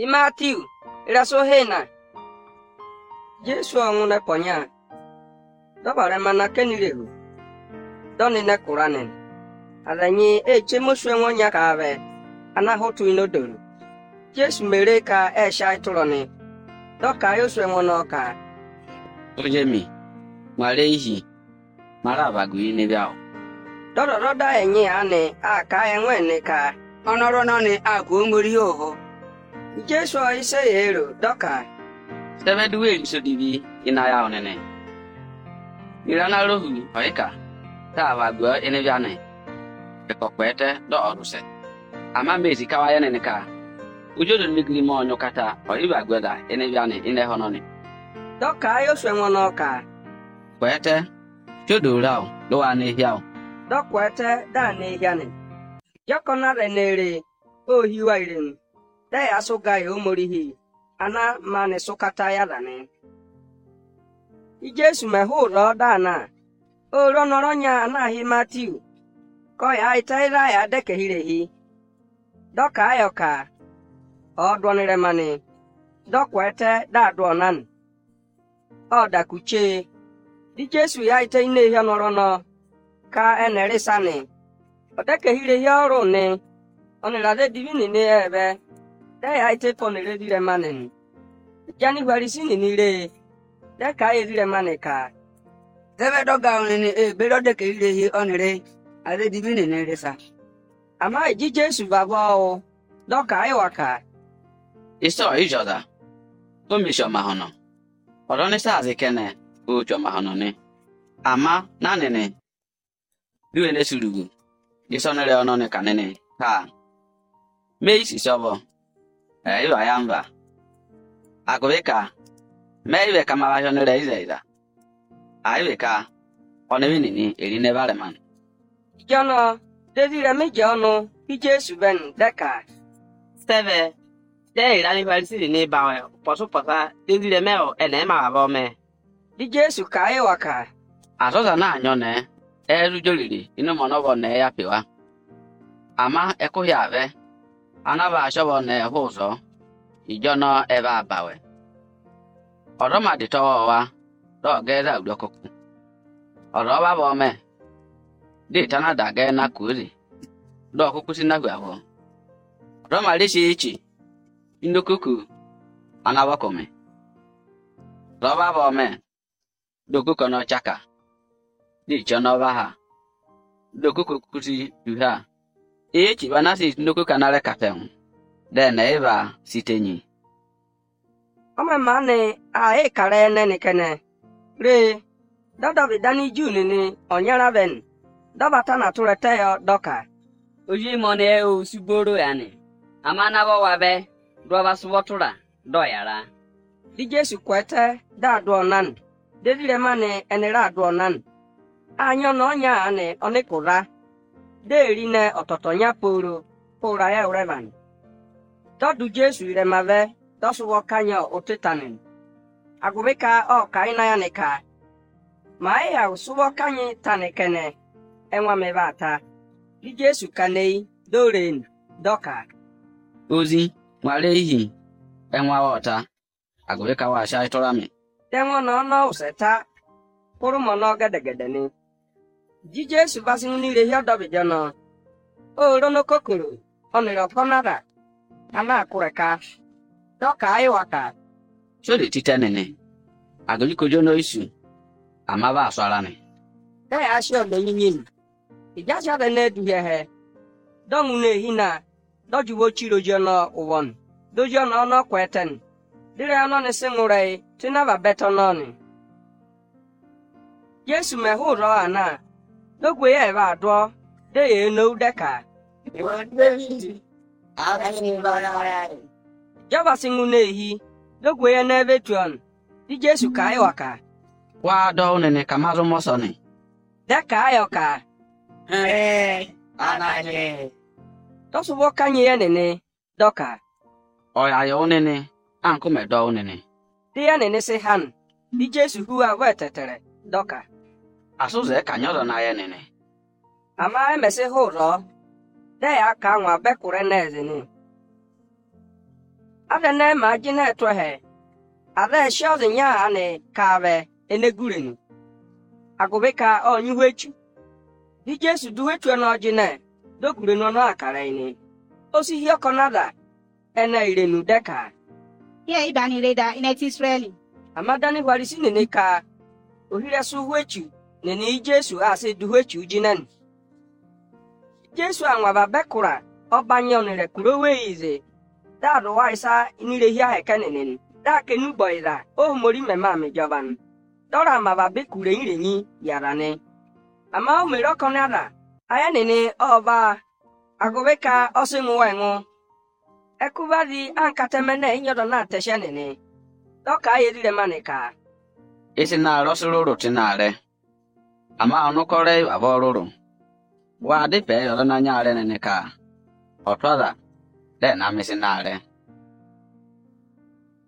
imatiu rasohena Jesu ọnwụne pọnya dọbara mana kenirehu donine kuranen adanyi eche mosue ka kaave anahotu inodoro Jesu mere ka esha itụrọni e dọka yosue nwona ọka ojemi mara ihi mara abago n'ebe ahụ dọdọdọda enyi ani aka enwene ka ọnọrọ nọni agụ omori oho Jesu ise yero doka. Steve duwe mso divi ina ya onene. Irana rohu oika. Ta wa gbo ene viane. Eko kwete do oruse. Ama mezi kawa yene nika. Ujodo nigri mo nyokata o iba gweda ene viane ine hononi. Doka yo swenwo noka. Kwete. Jodo rao lo wa ne hiao. Dokwete da ne hiane. Yoko na renere. Ohiwa irenu. dahi asugayi omorihi ana mani sukata yadani ijesu mehuro dana nya anaghị matiu koya itairaya dekehirehi dokayoka odwoniremani dokwete dadwonan odakuche di jesu ya ite inehie nọ. ka enerisani odekehirehi ọrụ ni onirade divini e ni ebe dayajepọnreri remanen janivarishini nire daka eri remane ka zevedogaunini eberodekeirirehi onire adedibini nirisa ama e ji jesu babao doka iwaka iso ijoda omisho mahono odonisa azikene ucho mahononi ama nanini duene surugu isonere onone kanini ka meisi sobo eiva yamva akuvika meiveka mavaxonele izeiza aivika onevinini eline valemani jono dedire meje onu ki jesu beni deka seve de irani farisiri ni bawe posu posa dedire meo ene mavava ome di jesu ka iwaka asosa na anyone erujoliri inu monovo ne yapiwa ama ekụghị ave Anaba achọbọ na ehe ụzọ ijọnọ ebe abawe ọdọmadịtọwawa dọgeza udokoku ọdọbabome dịtanadage nakuri dọkuku sinahuahụ ọdọmalichichi ndokuku anabakome dọbabome dokukonochaka dịchọnọba ha dokukukusi duhe a ihe ichi banasi nnukwu kanarị kafem den ịba sitenyi ome mane ae kare nene kene re dadabi dani june ni onyera ben dabata na turete ya doka oji mone e osugboro yani amana bo wabe doba subotura doyara di jesu kwete da duonan dedire mane enera duonan anyo no nya ane onikura ọtọtọ ọtọtọnya pụrụ pụra ya ureman tọdụ jesu iremave dọsụwọ kanya otetanin agụbịka ọka ịnayanika ma ịha ụsụwọ tanikene enwamebe ata di kanei doren dọka ozi nwale ihi enwawa ọta agụbịka wa acha ịtọrami tenwọ na jíjẹ èṣù bá sínú nílé yọdọbìjọnà oronokokoro ọnìrọkọnara anáàkúrẹka tọka àìwàkà. sóde títẹ nìní dọka ịwata. èṣù àmọ́ bá aṣọ ara ni. bẹ́ẹ̀ aṣọ ọ̀dọ̀ yín yìí a sọ̀rọ̀ náà ehi hẹ̀ dọ́hùn náà ni Nogoyeva adọ deye nou deka. Javasi na ehi nogoye n'ebe tuon di Jesu ka iwa ka. Wa adọ unene ka mazu mosoni. Deka ayo ka. Ee, ananye. Tosubo kanye ya nene dọka. Oya ya unene, ankume do unene. Di ya nene si han, di Jesu huwa wetetere Asụzụ e ka asuze kanyodo naye nini amaye mesi huzo deya kanwa bekure nezini ade ne ma ji na etwehe ade shiozi nya ani kabe enegurenu agube ka onyuhechu di jesu duhechu na oji ne dokure no na akara ini osi hi okonada ena irenu deka ye ibanire da ineti israeli amadani hwarisi nene ka ohire su huechu nini Jesu ase duhe chujinen Jesu anwaba bekura ọbanye onere kuro weize dado waisa inirehia hekenenen dakenu boira ohumori memami joban dora maba bekure irenyi yarane ama omere ọkọnara aya nene ọba agụbeka ọsịnwụwenwụ ekubadi ankatemene inyedo na ateshenene dọka ayerilemaneka isi na arọsịrị ụrụ tinare ama ọnụkọrọ abụ ọrụrụ wa adịpe ọrụ n'anya arị nene ka ọtụada den na mmesi na arị